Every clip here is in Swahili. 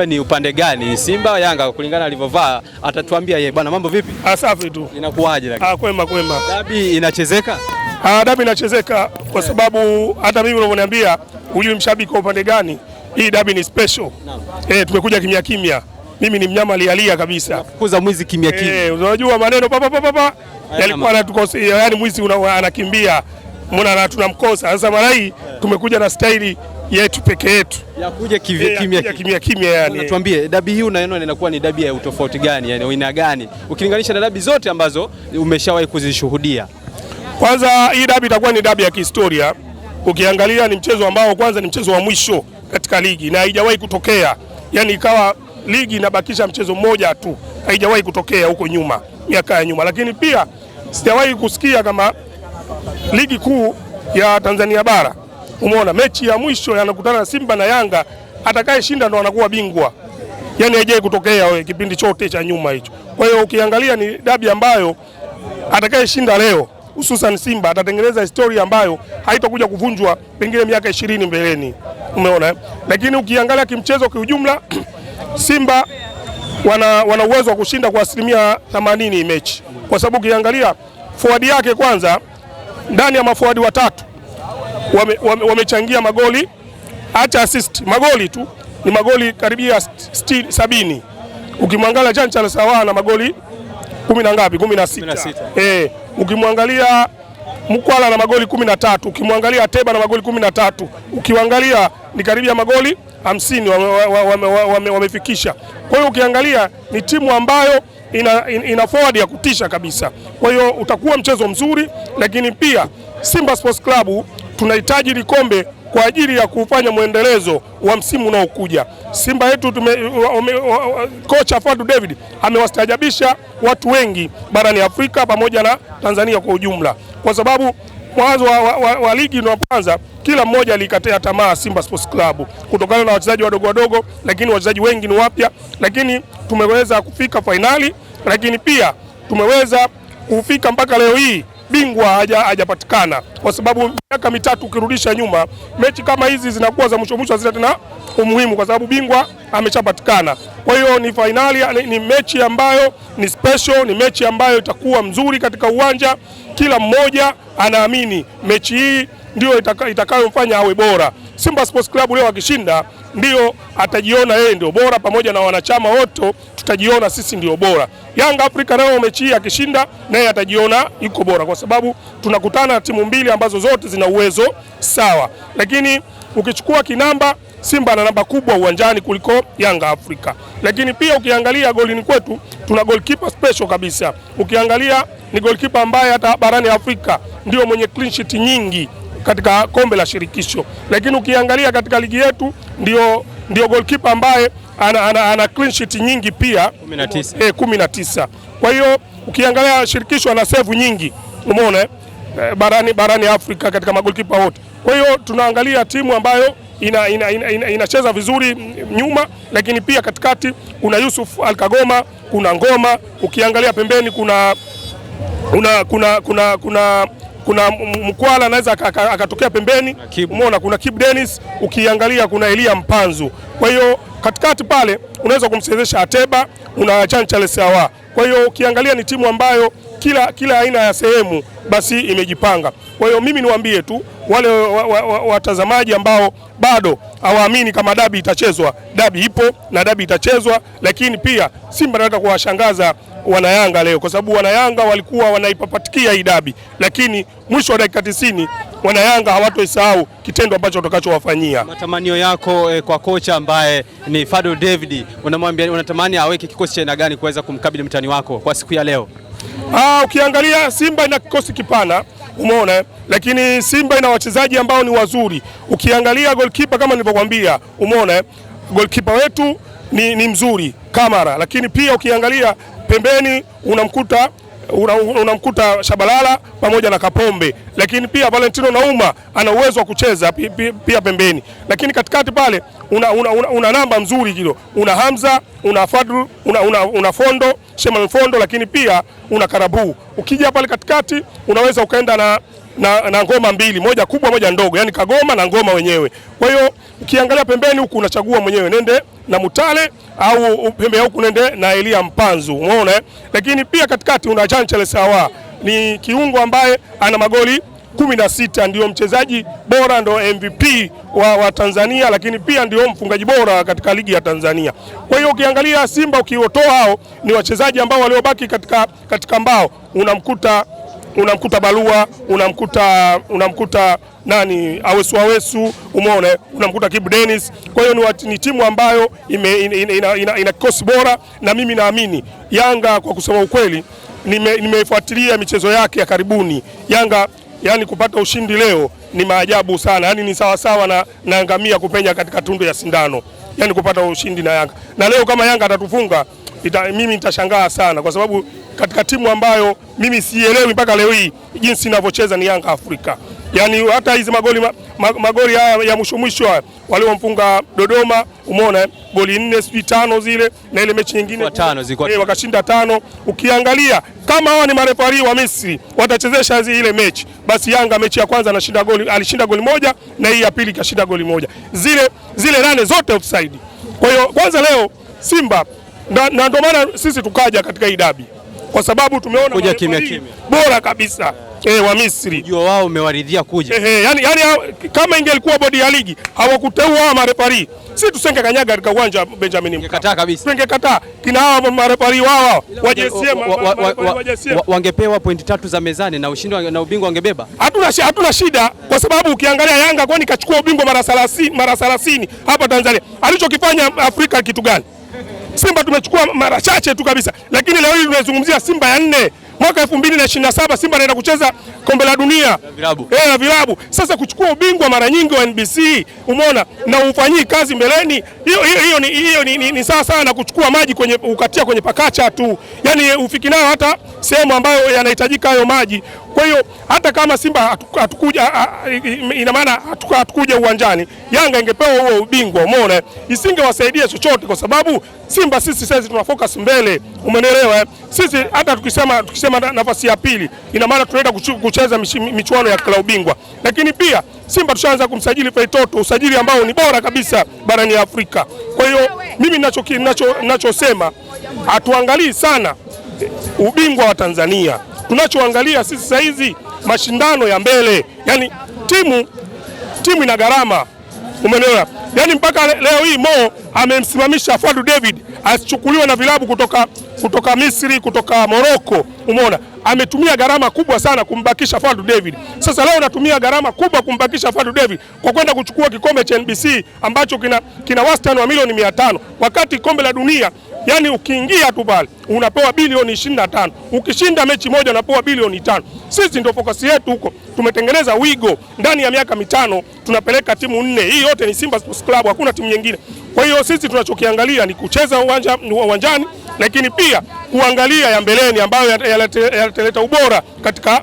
ajue ni upande gani Simba Yanga kulingana alivyovaa, atatuambia yeye bwana, mambo vipi? Ah, safi tu. Inakuaje lakini? Ah, kwema kwema. Dabi inachezeka? Ah, dabi inachezeka kwa sababu hata mimi unavyoniambia, hujui mshabiki kwa upande gani. Hii dabi ni special. Naam. Eh, tumekuja kimya kimya. Mimi ni mnyama lialia kabisa. Kukuza mwizi kimya kimya. Eh, unajua maneno papa papa papa. Yalikuwa anatukosea, yani mwizi anakimbia. Mbona tunamkosa? Sasa mara hii eh. tumekuja na staili yetu peke yetu ya kuja kimya kimya kimya kimya. Yani tuambie, dabi hii unaona inakuwa ni dabi ya utofauti gani, yani aina gani ukilinganisha na dabi zote ambazo umeshawahi kuzishuhudia? Kwanza hii dabi itakuwa ni dabi ya kihistoria. Ukiangalia ni mchezo ambao kwanza ni mchezo wa mwisho katika ligi na haijawahi kutokea, yani ikawa ligi inabakisha mchezo mmoja tu, haijawahi kutokea huko nyuma, miaka ya nyuma. Lakini pia sijawahi kusikia kama ligi kuu ya Tanzania bara Umeona mechi ya mwisho yanakutana na Simba na Yanga, atakayeshinda ndo anakuwa bingwa. Yani haijai kutokea we, kipindi chote cha nyuma hicho. Kwa hiyo ukiangalia ni dabi ambayo atakayeshinda leo hususan Simba atatengeneza historia ambayo haitakuja kuvunjwa pengine miaka ishirini mbeleni, umeona. Eh? Lakini ukiangalia kimchezo kiujumla, Simba wana, wana uwezo wa kushinda kwa asilimia themanini mechi, kwa sababu ukiangalia forward yake kwanza, ndani ya maforward watatu wamechangia wame, wame magoli hata assist, magoli tu ni magoli karibia sabini. Ukimwangalia Chanchala sawa na magoli kumi na ngapi, kumi na sita. Eh, ukimwangalia Mkwala na magoli kumi na tatu, ukimwangalia Teba na magoli kumi na tatu, ukiwangalia ni karibia magoli hamsini wamefikisha wame, wame, wame. Kwa hiyo ukiangalia ni timu ambayo ina, ina forward ya kutisha kabisa. Kwa hiyo utakuwa mchezo mzuri, lakini pia Simba Sports Club tunahitaji likombe kwa ajili ya kufanya mwendelezo wa msimu unaokuja. Simba yetu tume, kocha Fadu David amewastajabisha watu wengi barani Afrika pamoja na Tanzania kwa ujumla, kwa sababu mwanzo wa, wa, wa, wa ligi unapoanza kila mmoja alikatea tamaa Simba Sports Club kutokana na wachezaji wadogo wadogo, lakini wachezaji wengi ni wapya, lakini tumeweza kufika fainali, lakini pia tumeweza kufika mpaka leo hii bingwa hajapatikana, kwa sababu miaka mitatu ukirudisha nyuma, mechi kama hizi zinakuwa za mwisho mwisho, hazina tena umuhimu, kwa sababu bingwa ameshapatikana. Kwa hiyo ni fainali, ni mechi ambayo ni special, ni mechi ambayo itakuwa mzuri katika uwanja. Kila mmoja anaamini mechi hii ndio itakayofanya itaka awe bora. Simba Sports Club leo akishinda, ndio atajiona yeye ndio bora, pamoja na wanachama wote tutajiona sisi ndio bora. Yanga Afrika nao mechi hii akishinda, naye atajiona yuko bora, kwa sababu tunakutana na timu mbili ambazo zote zina uwezo sawa, lakini ukichukua kinamba Simba ana namba kubwa uwanjani kuliko Yanga Afrika, lakini pia ukiangalia golini kwetu tuna goalkeeper special kabisa. Ukiangalia ni goalkeeper ambaye hata barani Afrika ndio mwenye clean sheet nyingi katika kombe la shirikisho, lakini ukiangalia katika ligi yetu ndio, ndio goalkeeper ambaye ana, ana, ana clean sheet nyingi pia 19. Eh, 19. Kwa hiyo ukiangalia shirikisho ana save nyingi umeona eh, barani, barani Afrika katika magolkipa wote. Kwa hiyo tunaangalia timu ambayo inacheza ina, ina, ina, ina vizuri nyuma, lakini pia katikati kuna Yusuf Alkagoma, kuna Ngoma, ukiangalia pembeni kuna kuna kuna kuna, kuna kuna Mkwala anaweza akatokea pembeni, umeona kuna Kibu Dennis, ukiangalia kuna Elia Mpanzu. Kwa hiyo katikati pale unaweza kumchezesha Ateba, una Charles Awa. Kwa hiyo ukiangalia ni timu ambayo kila, kila aina ya sehemu basi imejipanga. Kwa hiyo mimi niwaambie tu wale watazamaji ambao bado hawaamini kama dabi itachezwa. Dabi ipo na dabi itachezwa, lakini pia Simba nataka kuwashangaza wanayanga leo, kwa sababu wanayanga walikuwa wanaipapatikia hii dabi, lakini mwisho wa dakika tisini wanayanga hawatoisahau kitendo ambacho utakachowafanyia. Matamanio yako eh, kwa kocha ambaye ni Fado David, unamwambia unatamani aweke kikosi cha aina gani kuweza kumkabili mtani wako kwa siku ya leo? Aa, ah, ukiangalia Simba ina kikosi kipana umeona. Lakini Simba ina wachezaji ambao ni wazuri, ukiangalia goalkeeper kama nilivyokuambia, umeona goalkeeper wetu ni, ni mzuri Kamara, lakini pia ukiangalia pembeni unamkuta unamkuta una Shabalala pamoja na Kapombe, lakini pia Valentino Nauma ana uwezo wa kucheza pia pembeni, lakini katikati pale una, una, una, una namba mzuri kilo una Hamza una Fadru una, una, una Fondo Shemal Fondo, lakini pia una Karabu. Ukija pale katikati unaweza ukaenda na na, na ngoma mbili, moja kubwa moja ndogo, yani Kagoma na ngoma wenyewe. Kwa hiyo Ukiangalia pembeni huku unachagua mwenyewe, nende na Mutale au pembe huku nende na Elia Mpanzu, umeona. Eh? Lakini pia katikati una Chancel Sawa, ni kiungo ambaye ana magoli kumi na sita, ndio mchezaji bora, ndio MVP wa, wa Tanzania, lakini pia ndio mfungaji bora katika ligi ya Tanzania. Kwa hiyo ukiangalia Simba ukiotoa hao, ni wachezaji ambao waliobaki katika, katika mbao unamkuta unamkuta Barua, unamkuta unamkuta nani Awesu Awesu, umeona, unamkuta Kibu Dennis. Kwa hiyo ni, ni timu ambayo ime, ina, ina, ina, ina kikosi bora, na mimi naamini Yanga kwa kusema ukweli, nimeifuatilia nime michezo yake ya karibuni Yanga, yani kupata ushindi leo ni maajabu sana, yani ni sawasawa na, na kupenya katika tundu ya sindano, yani kupata ushindi na Yanga. Na leo kama Yanga atatufunga ita, mimi nitashangaa sana kwa sababu katika timu ambayo mimi sielewi mpaka leo hii jinsi inavyocheza ni Yanga Afrika. Yaani hata hizi magoli, magoli haya ya mwisho mwisho haya waliomfunga Dodoma, umeona goli nne sijui tano zile na ile mechi nyingine tano, e, wakashinda tano. Ukiangalia kama hawa ni marefari wa Misri watachezesha ile mechi, basi Yanga mechi ya kwanza anashinda goli, alishinda goli moja na hii ya pili kashinda goli moja, zile zile nane zote offside. Kwa hiyo kwanza leo Simba na ndio maana sisi tukaja katika hii dabi kwa sababu tumeona kuja kimya kimya bora kabisa yeah. E, wa Misri ndio wao umewaridhia kuja e, yani, yani, kama ingelikuwa bodi ya ligi hawakuteua marefari, si tusenge kanyaga katika uwanja wa Benjamin Mkapa, tungekataa kina hawa marefari wao wangepewa pointi tatu za mezani na ushindi na ubingwa wangebeba. Hatuna hatuna shida, kwa sababu ukiangalia Yanga kwani kachukua ubingwa mara 30 mara 30 hapa Tanzania, alichokifanya Afrika kitu gani? Simba tumechukua mara chache tu kabisa, lakini leo hii tunazungumzia Simba ya nne mwaka 2027 Simba anaenda kucheza kombe la dunia na vilabu. Eh, Sasa kuchukua ubingwa mara nyingi wa NBC umeona, na ufanyii kazi mbeleni, hiyo hiyo hiyo ni, ni, ni sawa sawa na kuchukua maji kwenye ukatia kwenye pakacha tu, yaani ufiki nayo hata sehemu ambayo yanahitajika hayo maji. Kwa hiyo hata kama Simba hatukuja, ina maana hatukuja uwanjani, Yanga ingepewa huo ubingwa, umeona, isingewasaidia chochote, kwa sababu Simba sisi sasa tuna focus mbele, umeelewa? Eh? Sisi hata tukisema, tukisema nafasi ya pili, ina maana tunaenda kucheza michuano ya klabu bingwa, lakini pia Simba tushaanza kumsajili Faitoto, usajili ambao ni bora kabisa barani ya Afrika. Kwa hiyo mimi nachosema nacho, nacho hatuangalii sana eh, ubingwa wa Tanzania Tunachoangalia sisi sasa hizi mashindano ya mbele, yani timu timu ina gharama, umeelewa? Yani mpaka leo hii Mo amemsimamisha Fadu David asichukuliwe na vilabu kutoka, kutoka Misri kutoka Morocco, Umeona, ametumia gharama kubwa sana kumbakisha Fadu David. Sasa leo natumia gharama kubwa kumbakisha Fadu David kwa kwenda kuchukua kikombe cha NBC ambacho kina, kina wastani wa milioni mia tano wakati kombe la dunia Yaani ukiingia tu pale unapewa bilioni ishirini na tano ukishinda mechi moja unapewa bilioni tano. Sisi ndio fokasi yetu huko, tumetengeneza wigo ndani ya miaka mitano tunapeleka timu nne. Hii yote ni Simba Sports Club, hakuna timu nyingine. Kwa hiyo sisi tunachokiangalia ni kucheza uwanja uwanjani, lakini pia kuangalia ya mbeleni ambayo yataleta ubora katika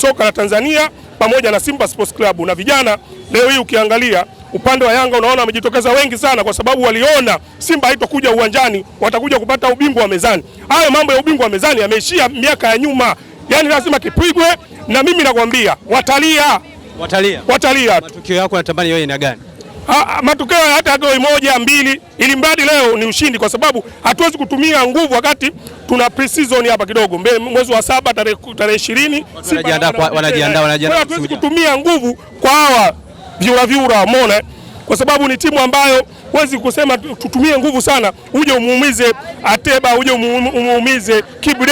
soka la Tanzania pamoja na Simba Sports Club na vijana. Leo hii ukiangalia upande wa Yanga unaona wamejitokeza wengi sana, kwa sababu waliona Simba haitokuja uwanjani, watakuja kupata ubingwa wa mezani. Hayo mambo ya ubingwa wa mezani yameishia miaka ya nyuma, yani lazima kipigwe, na mimi nakwambia watalia, watalia, watalia. Matukio yako natamani yeye ina gani? Matokeo hata goli moja mbili, ili mradi leo ni ushindi, kwa sababu hatuwezi kutumia nguvu wakati tuna pre-season hapa kidogo, mwezi wa saba tarehe ishirini, wanajiandaa, wanajiandaa, hatuwezi kutumia nguvu kwa hawa vyuravyura, umeona, kwa sababu ni timu ambayo huwezi kusema tutumie nguvu sana uje umuumize Ateba, uje umuumize Kibu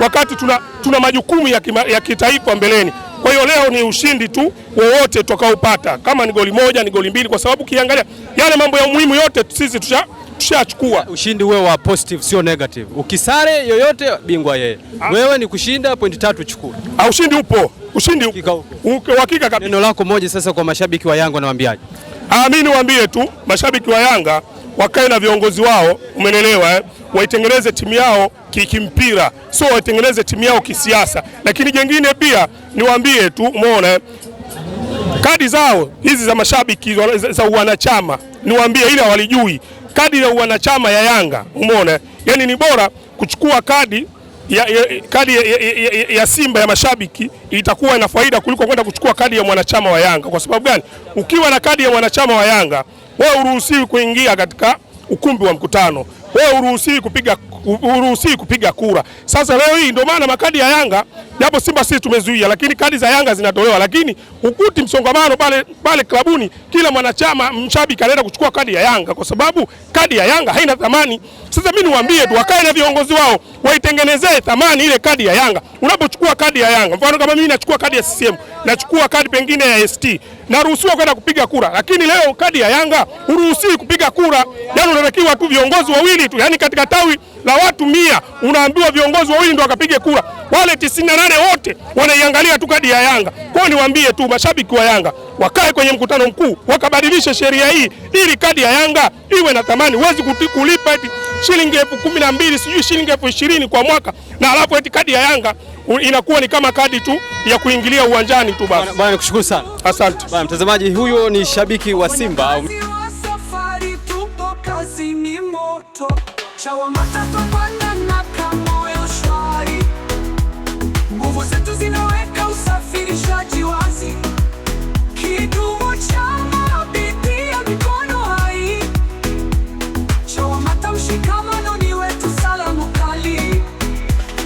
wakati tuna, tuna majukumu ya, kima, ya kitaifa mbeleni. Kwa hiyo leo ni ushindi tu wowote tutakaopata, kama ni goli moja ni goli mbili, kwa sababu ukiangalia yale mambo ya umuhimu yote sisi tusha tushachukua. Ushindi wewe wa positive, sio negative. Ukisare yoyote bingwa yeye, ah. wewe ni kushinda pointi tatu chukua. Ah, ushindi upo ushindi hakika kabisa. Neno lako moja sasa kwa mashabiki wa Yanga nawaambiaje? Ah, mimi niwaambie tu mashabiki wa Yanga wakae na viongozi wao, umenelewa eh? Waitengeneze timu yao kikimpira, sio waitengeneze timu yao kisiasa. Lakini jengine pia niwaambie tu, umeona eh? kadi zao hizi za mashabiki za uwanachama, niwaambie ile hawalijui kadi ya uwanachama ya Yanga, umeona eh? yani ni bora kuchukua kadi ya, ya, kadi ya, ya, ya, ya Simba ya mashabiki itakuwa ina faida kuliko kwenda kuchukua kadi ya mwanachama wa Yanga. Kwa sababu gani? Ukiwa na kadi ya mwanachama wa Yanga wewe uruhusiwi kuingia katika ukumbi wa mkutano wewe uruhusii kupiga, uruhusii kupiga kura. Sasa leo hii ndio maana makadi ya Yanga japo Simba sisi tumezuia, lakini kadi za Yanga zinatolewa, lakini ukuti msongamano pale pale klabuni. Kila mwanachama mshabiki anaenda kuchukua kadi ya Yanga kwa sababu kadi ya Yanga haina thamani. Sasa mimi niwaambie tu, wakae na viongozi wao waitengenezee thamani ile kadi ya Yanga. Unapochukua kadi ya Yanga, mfano kama mimi nachukua kadi ya CCM nachukua kadi pengine ya ST, naruhusiwa kwenda kupiga kura. Lakini leo kadi ya Yanga huruhusiwi kupiga kura, yani unatakiwa tu viongozi wawili tu, yani katika tawi la watu mia unaambiwa viongozi wawili ndio wakapige kura, wale 98 wote wanaiangalia tu kadi ya Yanga. Kwao niwaambie tu mashabiki wa Yanga wakae kwenye mkutano mkuu wakabadilishe sheria hii ili kadi ya Yanga iwe na thamani, huwezi kulipa eti shilingi elfu kumi na mbili sijui shilingi elfu ishirini kwa mwaka, na alafu eti kadi ya Yanga inakuwa ni kama kadi tu ya kuingilia uwanjani tu basi. Bwana nikushukuru sana, asante bwana mtazamaji. Huyo ni shabiki wa Simba kazi ni moto chawa na kama